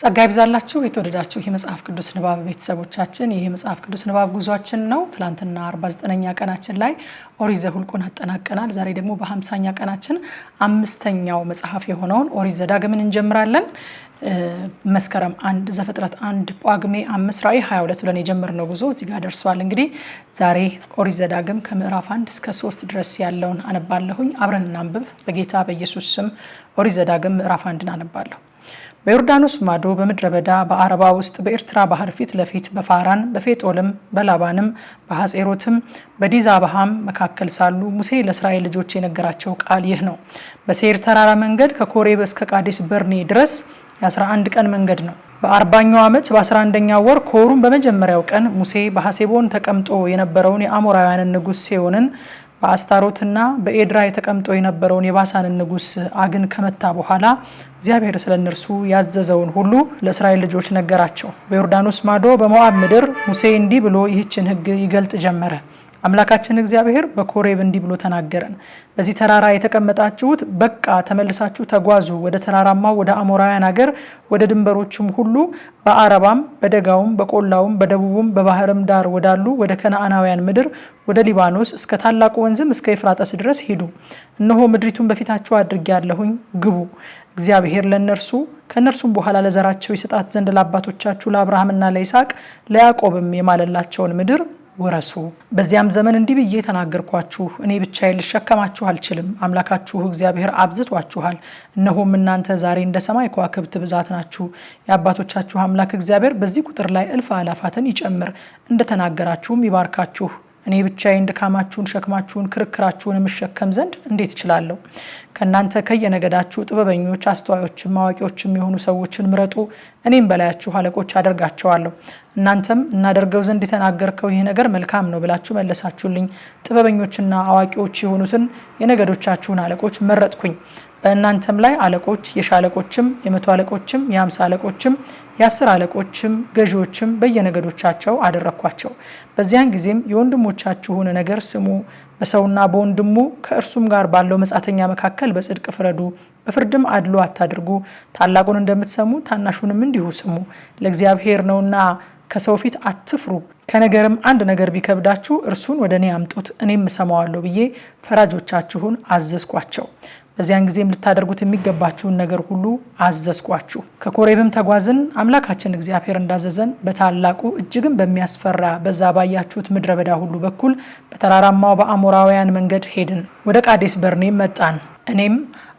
ጸጋ ይብዛላችሁ የተወደዳችሁ የመጽሐፍ ቅዱስ ንባብ ቤተሰቦቻችን፣ ይህ የመጽሐፍ ቅዱስ ንባብ ጉዟችን ነው። ትላንትና 49ኛ ቀናችን ላይ ኦሪት ዘኍልቍን አጠናቀናል። ዛሬ ደግሞ በ50ኛ ቀናችን አምስተኛው መጽሐፍ የሆነውን ኦሪት ዘዳግምን እንጀምራለን። መስከረም አንድ ዘፍጥረት አንድ ጳጉሜ አምስት ራዕይ 22 ብለን የጀመርነው ጉዞ እዚህ ጋር ደርሷል። እንግዲህ ዛሬ ኦሪት ዘዳግም ከምዕራፍ አንድ እስከ ሶስት ድረስ ያለውን አነባለሁኝ። አብረን እናንብብ። በጌታ በኢየሱስ ስም ኦሪት ዘዳግም ምዕራፍ አንድን አነባለሁ። በዮርዳኖስ ማዶ በምድረ በዳ በአረባ ውስጥ በኤርትራ ባህር ፊት ለፊት በፋራን በፌጦልም በላባንም በሐጼሮትም በዲዛባሃም መካከል ሳሉ ሙሴ ለእስራኤል ልጆች የነገራቸው ቃል ይህ ነው። በሴር ተራራ መንገድ ከኮሬብ እስከ ቃዴስ በርኔ ድረስ የ11 ቀን መንገድ ነው። በአርባኛው ዓመት በ11ኛው ወር ከወሩም በመጀመሪያው ቀን ሙሴ በሐሴቦን ተቀምጦ የነበረውን የአሞራውያንን ንጉሥ ሴዮንን በአስታሮትና በኤድራ ተቀምጦ የነበረውን የባሳንን ንጉስ አግን ከመታ በኋላ እግዚአብሔር ስለ እነርሱ ያዘዘውን ሁሉ ለእስራኤል ልጆች ነገራቸው። በዮርዳኖስ ማዶ በሞዓብ ምድር ሙሴ እንዲህ ብሎ ይህችን ሕግ ይገልጥ ጀመረ። አምላካችን እግዚአብሔር በኮሬብ እንዲህ ብሎ ተናገረን። በዚህ ተራራ የተቀመጣችሁት በቃ ተመልሳችሁ ተጓዙ፣ ወደ ተራራማው ወደ አሞራውያን አገር ወደ ድንበሮቹም ሁሉ በአረባም በደጋውም በቆላውም በደቡቡም በባህርም ዳር ወዳሉ ወደ ከነአናውያን ምድር ወደ ሊባኖስ እስከ ታላቁ ወንዝም እስከ ኤፍራጠስ ድረስ ሂዱ። እነሆ ምድሪቱን በፊታችሁ አድርጌያለሁኝ፣ ግቡ። እግዚአብሔር ለእነርሱ ከእነርሱም በኋላ ለዘራቸው ይሰጣት ዘንድ ለአባቶቻችሁ ለአብርሃምና ለይስሐቅ ለያዕቆብም የማለላቸውን ምድር ወረሱ። በዚያም ዘመን እንዲህ ብዬ ተናገርኳችሁ፣ እኔ ብቻዬን ልሸከማችሁ አልችልም። አምላካችሁ እግዚአብሔር አብዝቷችኋል። እነሆም እናንተ ዛሬ እንደ ሰማይ ከዋክብት ብዛት ናችሁ። የአባቶቻችሁ አምላክ እግዚአብሔር በዚህ ቁጥር ላይ እልፍ አላፋትን ይጨምር፣ እንደተናገራችሁም ይባርካችሁ። እኔ ብቻዬን ድካማችሁን፣ ሸክማችሁን፣ ክርክራችሁን የምሸከም ዘንድ እንዴት እችላለሁ? ከእናንተ ከየነገዳችሁ ጥበበኞች፣ አስተዋዮችም አዋቂዎችም የሆኑ ሰዎችን ምረጡ፣ እኔም በላያችሁ አለቆች አደርጋቸዋለሁ። እናንተም እናደርገው ዘንድ የተናገርከው ይህ ነገር መልካም ነው ብላችሁ መለሳችሁልኝ። ጥበበኞችና አዋቂዎች የሆኑትን የነገዶቻችሁን አለቆች መረጥኩኝ። በእናንተም ላይ አለቆች የሻለቆችም የመቶ አለቆችም የአምሳ አለቆችም የአስር አለቆችም ገዢዎችም በየነገዶቻቸው አደረግኳቸው። በዚያን ጊዜም የወንድሞቻችሁን ነገር ስሙ፣ በሰውና በወንድሙ ከእርሱም ጋር ባለው መጻተኛ መካከል በጽድቅ ፍረዱ፣ በፍርድም አድሎ አታድርጉ። ታላቁን እንደምትሰሙ ታናሹንም እንዲሁ ስሙ፣ ለእግዚአብሔር ነውና ከሰው ፊት አትፍሩ። ከነገርም አንድ ነገር ቢከብዳችሁ እርሱን ወደ እኔ አምጡት፣ እኔም እሰማዋለሁ ብዬ ፈራጆቻችሁን አዘዝኳቸው። በዚያን ጊዜም ልታደርጉት የሚገባችሁን ነገር ሁሉ አዘዝኳችሁ። ከኮሬብም ተጓዝን፣ አምላካችን እግዚአብሔር እንዳዘዘን በታላቁ እጅግም በሚያስፈራ በዛ ባያችሁት ምድረ በዳ ሁሉ በኩል በተራራማው በአሞራውያን መንገድ ሄድን፣ ወደ ቃዴስ በርኔም መጣን። እኔም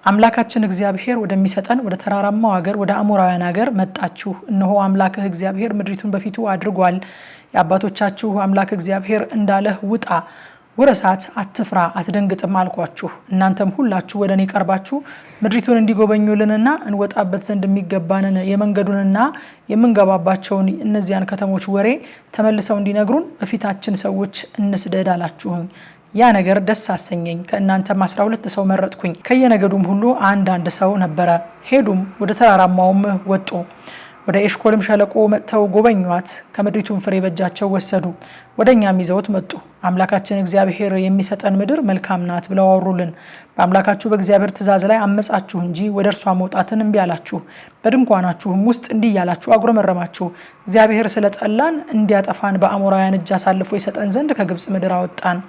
አምላካችን እግዚአብሔር ወደሚሰጠን ወደ ተራራማው ሀገር ወደ አሞራውያን ሀገር መጣችሁ። እነሆ አምላክህ እግዚአብሔር ምድሪቱን በፊቱ አድርጓል። የአባቶቻችሁ አምላክ እግዚአብሔር እንዳለህ ውጣ ወረሳት አትፍራ አትደንግጥም አልኳችሁ። እናንተም ሁላችሁ ወደ እኔ ቀርባችሁ ምድሪቱን እንዲጎበኙልንና እንወጣበት ዘንድ የሚገባንን የመንገዱንና የምንገባባቸውን እነዚያን ከተሞች ወሬ ተመልሰው እንዲነግሩን በፊታችን ሰዎች እንስደድ አላችሁኝ። ያ ነገር ደስ አሰኘኝ። ከእናንተም አስራ ሁለት ሰው መረጥኩኝ። ከየነገዱም ሁሉ አንድ አንድ ሰው ነበረ። ሄዱም ወደ ተራራማውም ወጡ። ወደ ኤሽኮልም ሸለቆ መጥተው ጎበኟት፣ ከምድሪቱን ፍሬ በእጃቸው ወሰዱ፣ ወደ እኛም ይዘውት መጡ። አምላካችን እግዚአብሔር የሚሰጠን ምድር መልካም ናት ብለው አወሩልን። በአምላካችሁ በእግዚአብሔር ትእዛዝ ላይ አመጻችሁ እንጂ ወደ እርሷ መውጣትን እምቢ አላችሁ። በድንኳናችሁም ውስጥ እንዲህ እያላችሁ አጉረመረማችሁ። እግዚአብሔር ስለጠላን እንዲያጠፋን በአሞራውያን እጅ አሳልፎ የሰጠን ዘንድ ከግብፅ ምድር አወጣን።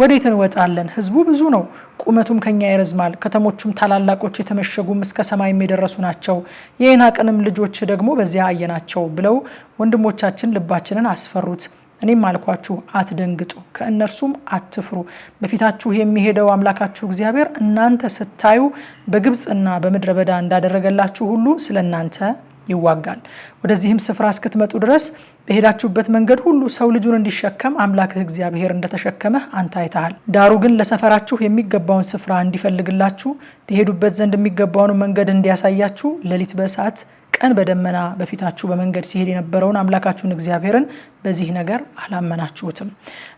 ወዴት እንወጣለን? ህዝቡ ብዙ ነው፣ ቁመቱም ከኛ ይረዝማል። ከተሞቹም ታላላቆች የተመሸጉም እስከ ሰማይም የደረሱ ናቸው። የዔናቅንም ልጆች ደግሞ በዚያ አየናቸው ብለው ወንድሞቻችን ልባችንን አስፈሩት። እኔም አልኳችሁ አትደንግጡ፣ ከእነርሱም አትፍሩ። በፊታችሁ የሚሄደው አምላካችሁ እግዚአብሔር እናንተ ስታዩ በግብፅና በምድረ በዳ እንዳደረገላችሁ ሁሉ ስለ እናንተ ይዋጋል። ወደዚህም ስፍራ እስክትመጡ ድረስ በሄዳችሁበት መንገድ ሁሉ ሰው ልጁን እንዲሸከም አምላክህ እግዚአብሔር እንደተሸከመ አንተ አይተሃል። ዳሩ ግን ለሰፈራችሁ የሚገባውን ስፍራ እንዲፈልግላችሁ ትሄዱበት ዘንድ የሚገባውን መንገድ እንዲያሳያችሁ ሌሊት በእሳት ቀን በደመና በፊታችሁ በመንገድ ሲሄድ የነበረውን አምላካችሁን እግዚአብሔርን በዚህ ነገር አላመናችሁትም።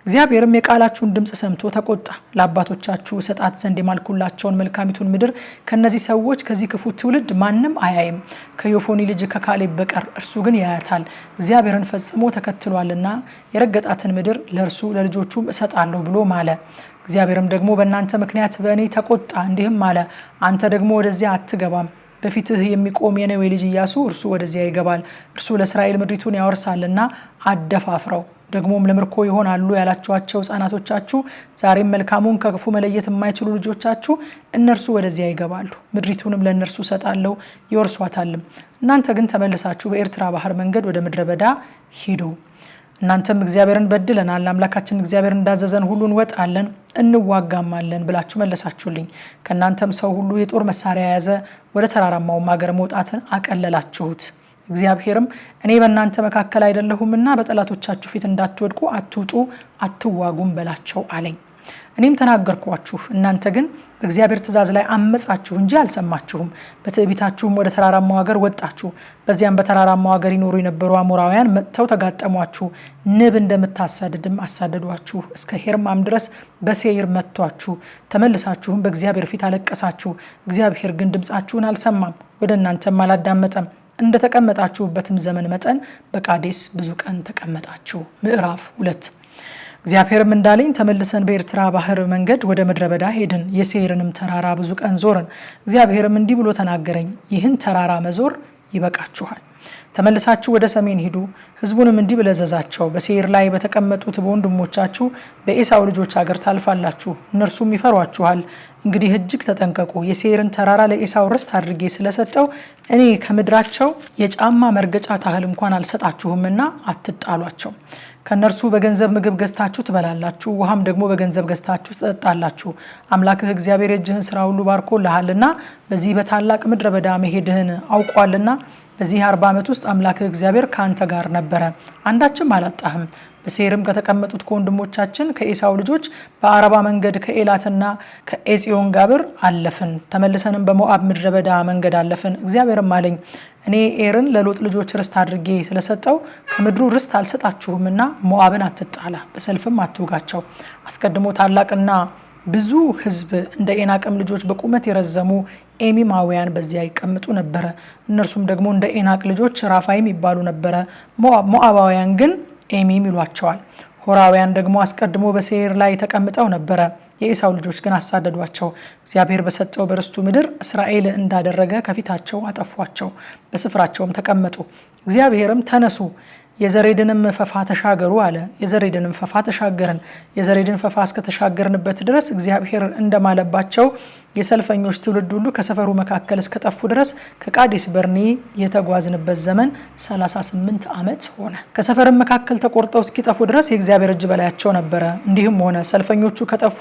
እግዚአብሔርም የቃላችሁን ድምፅ ሰምቶ ተቆጣ። ለአባቶቻችሁ ሰጣት ዘንድ የማልኩላቸውን መልካሚቱን ምድር ከእነዚህ ሰዎች ከዚህ ክፉ ትውልድ ማንም አያይም፣ ከዮፎኒ ልጅ ከካሌብ በቀር እርሱ ግን ያያታል፣ እግዚአብሔርን ፈጽሞ ተከትሏልና የረገጣትን ምድር ለእርሱ ለልጆቹም እሰጣለሁ ብሎ ማለ። እግዚአብሔርም ደግሞ በእናንተ ምክንያት በእኔ ተቆጣ፣ እንዲህም አለ፦ አንተ ደግሞ ወደዚያ አትገባም በፊትህ የሚቆም የነዌ ልጅ ኢያሱ እርሱ ወደዚያ ይገባል፣ እርሱ ለእስራኤል ምድሪቱን ያወርሳልና አደፋፍረው ደግሞም ለምርኮ ይሆናሉ ያላችኋቸው ህጻናቶቻችሁ ዛሬም መልካሙን ከክፉ መለየት የማይችሉ ልጆቻችሁ እነርሱ ወደዚያ ይገባሉ፣ ምድሪቱንም ለእነርሱ ሰጣለው ይወርሷታልም። እናንተ ግን ተመልሳችሁ በኤርትራ ባህር መንገድ ወደ ምድረ በዳ ሂዱ። እናንተም እግዚአብሔርን በድለናል፣ አምላካችን እግዚአብሔር እንዳዘዘን ሁሉ እንወጣለን እንዋጋማለን ብላችሁ መለሳችሁልኝ። ከእናንተም ሰው ሁሉ የጦር መሳሪያ የያዘ ወደ ተራራማውም ሀገር መውጣትን አቀለላችሁት። እግዚአብሔርም እኔ በእናንተ መካከል አይደለሁምና በጠላቶቻችሁ ፊት እንዳትወድቁ አትውጡ፣ አትዋጉም በላቸው አለኝ። እኔም ተናገርኳችሁ፣ እናንተ ግን በእግዚአብሔር ትእዛዝ ላይ አመጻችሁ እንጂ አልሰማችሁም። በትዕቢታችሁም ወደ ተራራማው ሀገር ወጣችሁ። በዚያም በተራራማው ሀገር ይኖሩ የነበሩ አሞራውያን መጥተው ተጋጠሟችሁ። ንብ እንደምታሳድድም አሳደዷችሁ፣ እስከ ሄርማም ድረስ በሴይር መቷችሁ። ተመልሳችሁም በእግዚአብሔር ፊት አለቀሳችሁ። እግዚአብሔር ግን ድምፃችሁን አልሰማም፣ ወደ እናንተም አላዳመጠም። እንደተቀመጣችሁበትም ዘመን መጠን በቃዴስ ብዙ ቀን ተቀመጣችሁ። ምዕራፍ ሁለት እግዚአብሔርም እንዳለኝ ተመልሰን በኤርትራ ባህር መንገድ ወደ ምድረ በዳ ሄድን። የሴይርንም ተራራ ብዙ ቀን ዞርን። እግዚአብሔርም እንዲህ ብሎ ተናገረኝ፣ ይህን ተራራ መዞር ይበቃችኋል። ተመልሳችሁ ወደ ሰሜን ሂዱ። ህዝቡንም እንዲህ ብለህ እዘዛቸው፣ በሴይር ላይ በተቀመጡት በወንድሞቻችሁ በኤሳው ልጆች አገር ታልፋላችሁ፣ እነርሱም ይፈሯችኋል። እንግዲህ እጅግ ተጠንቀቁ። የሴይርን ተራራ ለኤሳው ርስት አድርጌ ስለሰጠው እኔ ከምድራቸው የጫማ መርገጫ ታህል እንኳን አልሰጣችሁምና አትጣሏቸው። ከእነርሱ በገንዘብ ምግብ ገዝታችሁ ትበላላችሁ፣ ውሃም ደግሞ በገንዘብ ገዝታችሁ ትጠጣላችሁ። አምላክህ እግዚአብሔር እጅህን ስራ ሁሉ ባርኮልሃልና በዚህ በታላቅ ምድረ በዳ መሄድህን አውቋልና። በዚህ አርባ ዓመት ውስጥ አምላክህ እግዚአብሔር ከአንተ ጋር ነበረ፣ አንዳችም አላጣህም። በሴርም ከተቀመጡት ከወንድሞቻችን ከኤሳው ልጆች በአረባ መንገድ ከኤላትና ከኤጽዮን ጋብር አለፍን። ተመልሰንም በሞአብ ምድረ በዳ መንገድ አለፍን። እግዚአብሔርም አለኝ እኔ ኤርን ለሎጥ ልጆች ርስት አድርጌ ስለሰጠው ከምድሩ ርስት አልሰጣችሁምና ሞዓብን አትጣላ፣ በሰልፍም አትውጋቸው። አስቀድሞ ታላቅና ብዙ ሕዝብ እንደ ኤናቅም ልጆች በቁመት የረዘሙ ኤሚማውያን በዚያ ይቀምጡ ነበረ። እነርሱም ደግሞ እንደ ኤናቅ ልጆች ራፋይም ይባሉ ነበረ። ሞዓባውያን ግን ኤሚም ይሏቸዋል። ሆራውያን ደግሞ አስቀድሞ በሴይር ላይ ተቀምጠው ነበረ። የኢሳው ልጆች ግን አሳደዷቸው። እግዚአብሔር በሰጠው በርስቱ ምድር እስራኤል እንዳደረገ ከፊታቸው አጠፏቸው፣ በስፍራቸውም ተቀመጡ። እግዚአብሔርም ተነሱ የዘሬድንም ፈፋ ተሻገሩ አለ። የዘሬድንም ፈፋ ተሻገርን። የዘሬድን ፈፋ እስከተሻገርንበት ድረስ እግዚአብሔር እንደማለባቸው የሰልፈኞች ትውልድ ሁሉ ከሰፈሩ መካከል እስከጠፉ ድረስ ከቃዲስ በርኒ የተጓዝንበት ዘመን 38 ዓመት ሆነ። ከሰፈርም መካከል ተቆርጠው እስኪጠፉ ድረስ የእግዚአብሔር እጅ በላያቸው ነበረ። እንዲህም ሆነ ሰልፈኞቹ ከጠፉ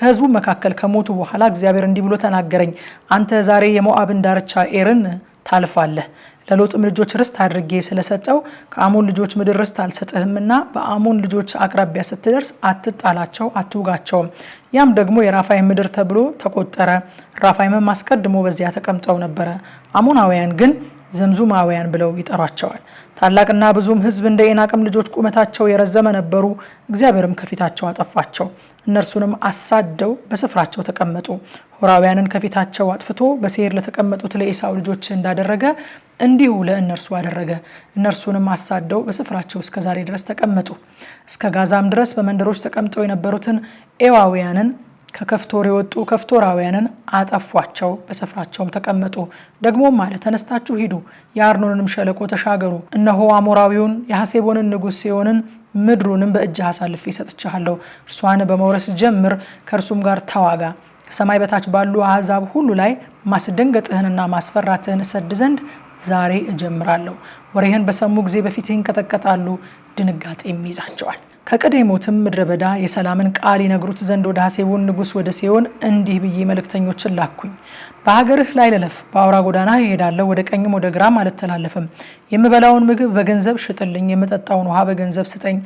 ከህዝቡ መካከል ከሞቱ በኋላ እግዚአብሔር እንዲህ ብሎ ተናገረኝ። አንተ ዛሬ የሞአብን ዳርቻ ኤርን ታልፋለህ ለሎጥም ልጆች ርስት አድርጌ ስለሰጠው ከአሞን ልጆች ምድር ርስት አልሰጥህምና በአሞን ልጆች አቅራቢያ ስትደርስ አትጣላቸው፣ አትውጋቸውም። ያም ደግሞ የራፋይም ምድር ተብሎ ተቆጠረ። ራፋይምም አስቀድሞ በዚያ ተቀምጠው ነበረ። አሞናውያን ግን ዘምዙማውያን ብለው ይጠሯቸዋል። ታላቅና ብዙም ሕዝብ እንደ ኤናቅም ልጆች ቁመታቸው የረዘመ ነበሩ። እግዚአብሔርም ከፊታቸው አጠፋቸው፣ እነርሱንም አሳደው በስፍራቸው ተቀመጡ። ሆራውያንን ከፊታቸው አጥፍቶ በሴር ለተቀመጡት ለኤሳው ልጆች እንዳደረገ እንዲሁ ለእነርሱ አደረገ። እነርሱንም አሳደው በስፍራቸው እስከ ዛሬ ድረስ ተቀመጡ። እስከ ጋዛም ድረስ በመንደሮች ተቀምጠው የነበሩትን ኤዋውያንን ከከፍቶር የወጡ ከፍቶራውያንን አጠፏቸው፣ በስፍራቸውም ተቀመጡ። ደግሞም አለ ተነስታችሁ ሂዱ፣ የአርኖንንም ሸለቆ ተሻገሩ። እነሆ አሞራዊውን የሐሴቦንን ንጉሥ ሲሆንን ምድሩንም በእጅ አሳልፌ እሰጥችኋለሁ። እርሷን በመውረስ ጀምር፣ ከእርሱም ጋር ተዋጋ። ከሰማይ በታች ባሉ አሕዛብ ሁሉ ላይ ማስደንገጥህንና ማስፈራትህን እሰድ ዘንድ ዛሬ እጀምራለሁ። ወሬህን በሰሙ ጊዜ በፊትህ ይንቀጠቀጣሉ፣ ድንጋጤም ይይዛቸዋል። ከቀዴሞትም ምድረ በዳ የሰላምን ቃል ይነግሩት ዘንድ ወደ ሐሴቦን ንጉሥ ወደ ሴዮን እንዲህ ብዬ መልእክተኞችን ላኩኝ። በሀገርህ ላይ ለለፍ በአውራ ጎዳና ይሄዳለሁ፣ ወደ ቀኝም ወደ ግራም አልተላለፍም። የምበላውን ምግብ በገንዘብ ሽጥልኝ፣ የምጠጣውን ውሃ በገንዘብ ስጠኝ።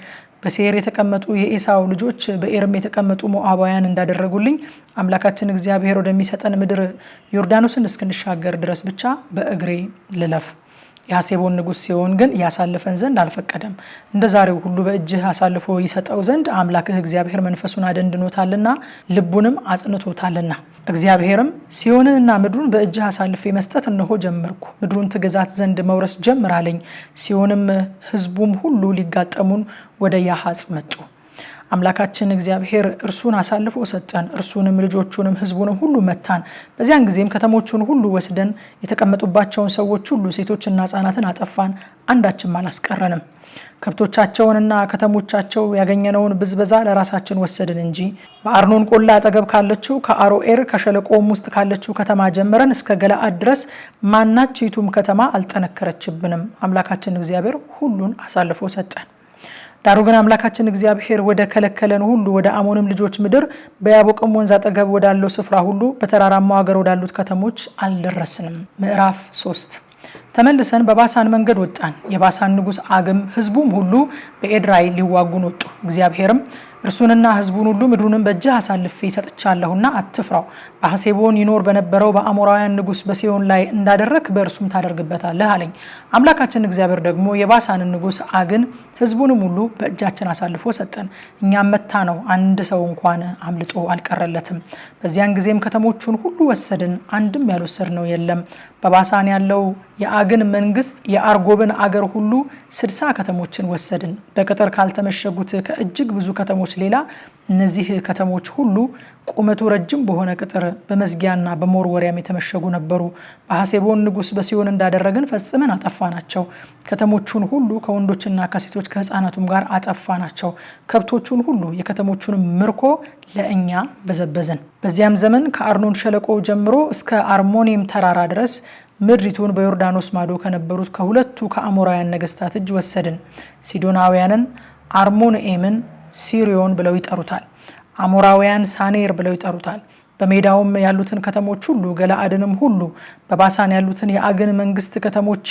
በሴር የተቀመጡ የኤሳው ልጆች በኤርም የተቀመጡ ሞአባውያን እንዳደረጉልኝ አምላካችን እግዚአብሔር ወደሚሰጠን ምድር ዮርዳኖስን እስክንሻገር ድረስ ብቻ በእግሬ ልለፍ። የሐሴቦን ንጉሥ ሲሆን ግን ያሳልፈን ዘንድ አልፈቀደም። እንደ ዛሬው ሁሉ በእጅህ አሳልፎ ይሰጠው ዘንድ አምላክህ እግዚአብሔር መንፈሱን አደንድኖታልና ልቡንም አጽንቶታልና። እግዚአብሔርም ሲዮንንና ምድሩን በእጅህ አሳልፌ መስጠት እነሆ ጀመርኩ፣ ምድሩን ትገዛት ዘንድ መውረስ ጀምር አለኝ። ሲሆንም ሕዝቡም ሁሉ ሊጋጠሙን ወደ ያሀጽ መጡ። አምላካችን እግዚአብሔር እርሱን አሳልፎ ሰጠን፣ እርሱንም ልጆቹንም ህዝቡንም ሁሉ መታን። በዚያን ጊዜም ከተሞቹን ሁሉ ወስደን የተቀመጡባቸውን ሰዎች ሁሉ ሴቶችና ህጻናትን አጠፋን፣ አንዳችም አላስቀረንም። ከብቶቻቸውንና ከተሞቻቸው ያገኘነውን ብዝበዛ ለራሳችን ወሰድን እንጂ በአርኖን ቆላ አጠገብ ካለችው ከአሮኤር ከሸለቆም ውስጥ ካለችው ከተማ ጀምረን እስከ ገለአድ ድረስ ማናችቱም ከተማ አልጠነከረችብንም። አምላካችን እግዚአብሔር ሁሉን አሳልፎ ሰጠን። ዳሩ ግን አምላካችን እግዚአብሔር ወደ ከለከለን ሁሉ ወደ አሞንም ልጆች ምድር በያቦቅም ወንዝ አጠገብ ወዳለው ስፍራ ሁሉ በተራራማው ሀገር ወዳሉት ከተሞች አልደረስንም። ምዕራፍ ሶስት ተመልሰን በባሳን መንገድ ወጣን። የባሳን ንጉሥ አግም ሕዝቡም ሁሉ በኤድራይ ሊዋጉን ወጡ። እግዚአብሔርም እርሱንና ህዝቡን ሁሉ ምድሩንም በእጅህ አሳልፌ ይሰጥቻለሁና አትፍራው። በሐሴቦን ይኖር በነበረው በአሞራውያን ንጉሥ በሴዮን ላይ እንዳደረክ በእርሱም ታደርግበታለህ አለኝ። አምላካችን እግዚአብሔር ደግሞ የባሳንን ንጉሥ አግን ህዝቡንም ሁሉ በእጃችን አሳልፎ ሰጠን። እኛም መታ ነው፣ አንድ ሰው እንኳን አምልጦ አልቀረለትም። በዚያን ጊዜም ከተሞቹን ሁሉ ወሰድን፣ አንድም ነው የለም። በባሳን ያለው የአግን መንግስት የአርጎብን አገር ሁሉ ስድሳ ከተሞችን ወሰድን። በቅጥር ካልተመሸጉት ከእጅግ ብዙ ከተሞች ከተሞች ሌላ እነዚህ ከተሞች ሁሉ ቁመቱ ረጅም በሆነ ቅጥር በመዝጊያና በመወርወሪያም የተመሸጉ ነበሩ። በሐሴቦን ንጉሥ በሲሆን እንዳደረግን ፈጽመን አጠፋ ናቸው። ከተሞቹን ሁሉ ከወንዶችና ከሴቶች ከሕፃናቱም ጋር አጠፋ ናቸው። ከብቶቹን ሁሉ የከተሞቹን ምርኮ ለእኛ በዘበዝን። በዚያም ዘመን ከአርኖን ሸለቆ ጀምሮ እስከ አርሞኒም ተራራ ድረስ ምድሪቱን በዮርዳኖስ ማዶ ከነበሩት ከሁለቱ ከአሞራውያን ነገስታት እጅ ወሰድን። ሲዶናውያንን፣ አርሞንኤምን ሲሪዮን ብለው ይጠሩታል። አሞራውያን ሳኔር ብለው ይጠሩታል። በሜዳውም ያሉትን ከተሞች ሁሉ ገላአድንም ሁሉ በባሳን ያሉትን የአግን መንግስት ከተሞች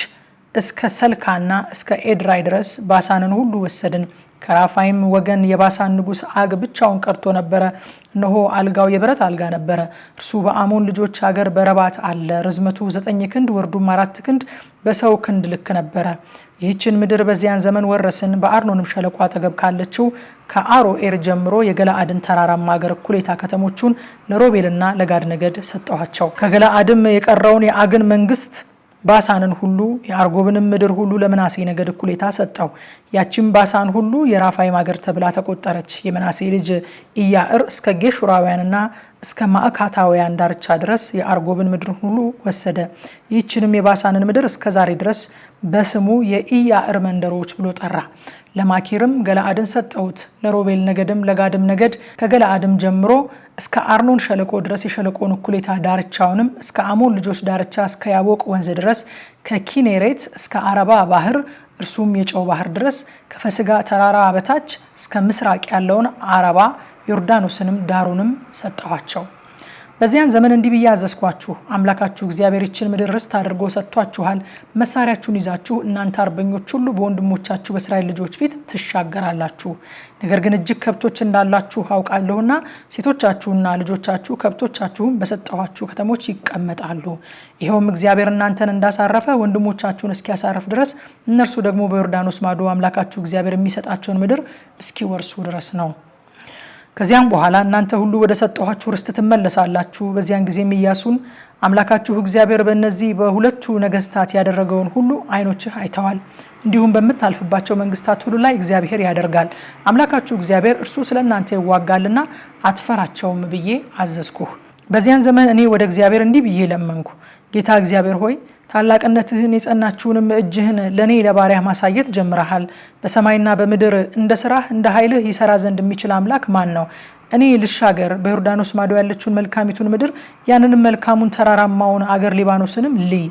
እስከ ሰልካና እስከ ኤድራይ ድረስ ባሳንን ሁሉ ወሰድን። ከራፋይም ወገን የባሳን ንጉሥ አግ ብቻውን ቀርቶ ነበረ። እነሆ አልጋው የብረት አልጋ ነበረ። እርሱ በአሞን ልጆች አገር በረባት አለ። ርዝመቱ ዘጠኝ ክንድ ወርዱም አራት ክንድ በሰው ክንድ ልክ ነበረ። ይህችን ምድር በዚያን ዘመን ወረስን። በአርኖንም ሸለቆ አጠገብ ካለችው ከአሮኤር ጀምሮ የገላአድን ተራራማ አገር እኩሌታ ከተሞቹን ለሮቤልና ለጋድ ነገድ ሰጠኋቸው። ከገላአድም የቀረውን የአግን መንግስት ባሳንን ሁሉ የአርጎብንም ምድር ሁሉ ለምናሴ ነገድ እኩሌታ ሰጠው። ያቺም ባሳን ሁሉ የራፋይም አገር ተብላ ተቆጠረች። የመናሴ ልጅ ኢያዕር እስከ ጌሹራውያንና እስከ ማዕካታውያን ዳርቻ ድረስ የአርጎብን ምድር ሁሉ ወሰደ። ይህችንም የባሳንን ምድር እስከ ዛሬ ድረስ በስሙ የኢያእር መንደሮች ብሎ ጠራ። ለማኪርም ገለአድን ሰጠውት። ለሮቤል ነገድም ለጋድም ነገድ ከገለአድም ጀምሮ እስከ አርኖን ሸለቆ ድረስ የሸለቆን እኩሌታ ዳርቻውንም እስከ አሞን ልጆች ዳርቻ እስከ ያቦቅ ወንዝ ድረስ ከኪኔሬት እስከ አረባ ባህር እርሱም የጨው ባህር ድረስ ከፈስጋ ተራራ በታች እስከ ምስራቅ ያለውን አረባ ዮርዳኖስንም ዳሩንም ሰጠኋቸው። በዚያን ዘመን እንዲህ ብዬ አዘዝኳችሁ፣ አምላካችሁ እግዚአብሔር ይችን ምድር ርስት አድርጎ ሰጥቷችኋል። መሳሪያችሁን ይዛችሁ እናንተ አርበኞች ሁሉ በወንድሞቻችሁ በእስራኤል ልጆች ፊት ትሻገራላችሁ። ነገር ግን እጅግ ከብቶች እንዳላችሁ አውቃለሁና ሴቶቻችሁና ልጆቻችሁ ከብቶቻችሁም በሰጠኋችሁ ከተሞች ይቀመጣሉ። ይኸውም እግዚአብሔር እናንተን እንዳሳረፈ ወንድሞቻችሁን እስኪያሳርፍ ድረስ እነርሱ ደግሞ በዮርዳኖስ ማዶ አምላካችሁ እግዚአብሔር የሚሰጣቸውን ምድር እስኪወርሱ ድረስ ነው። ከዚያም በኋላ እናንተ ሁሉ ወደ ሰጠኋችሁ ርስት ትመለሳላችሁ። በዚያን ጊዜም ኢያሱን አምላካችሁ እግዚአብሔር በእነዚህ በሁለቱ ነገስታት ያደረገውን ሁሉ ዓይኖችህ አይተዋል፣ እንዲሁም በምታልፍባቸው መንግስታት ሁሉ ላይ እግዚአብሔር ያደርጋል። አምላካችሁ እግዚአብሔር እርሱ ስለ እናንተ ይዋጋልና አትፈራቸውም ብዬ አዘዝኩህ። በዚያን ዘመን እኔ ወደ እግዚአብሔር እንዲህ ብዬ ለመንኩ፣ ጌታ እግዚአብሔር ሆይ ታላቅነትህን የጸናችውንም እጅህን ለእኔ ለባሪያህ ማሳየት ጀምረሃል። በሰማይና በምድር እንደ ስራህ እንደ ኃይልህ ይሰራ ዘንድ የሚችል አምላክ ማን ነው? እኔ ልሻገር፣ በዮርዳኖስ ማዶ ያለችውን መልካሚቱን ምድር ያንንም መልካሙን ተራራማውን አገር ሊባኖስንም ልይ።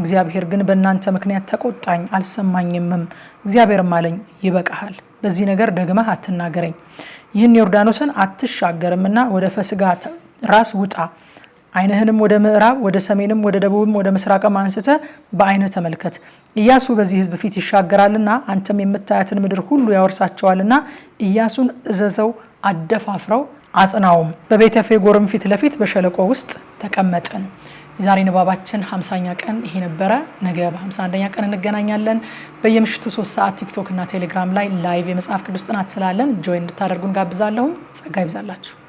እግዚአብሔር ግን በእናንተ ምክንያት ተቆጣኝ፣ አልሰማኝምም። እግዚአብሔርም አለኝ ይበቃሃል፣ በዚህ ነገር ደግመህ አትናገረኝ፣ ይህን ዮርዳኖስን አትሻገርምና ወደ ፈስጋ ራስ ውጣ ዓይንህንም ወደ ምዕራብ ወደ ሰሜንም ወደ ደቡብም ወደ ምስራቅም አንስተ በዓይንህ ተመልከት። ኢያሱ በዚህ ሕዝብ ፊት ይሻገራልና አንተም የምታያትን ምድር ሁሉ ያወርሳቸዋልና ኢያሱን እዘዘው፣ አደፋፍረው፣ አጽናውም። በቤተፌጎርም ፊት ለፊት በሸለቆ ውስጥ ተቀመጥን። የዛሬ ንባባችን 50 ቀን ይሄ ነበረ። ነገ በ51ኛ ቀን እንገናኛለን። በየምሽቱ ሶስት ሰዓት ቲክቶክ እና ቴሌግራም ላይ ላይቭ የመጽሐፍ ቅዱስ ጥናት ስላለን ጆይን እንድታደርጉን ጋብዛለሁም። ጸጋ ይብዛላችሁ።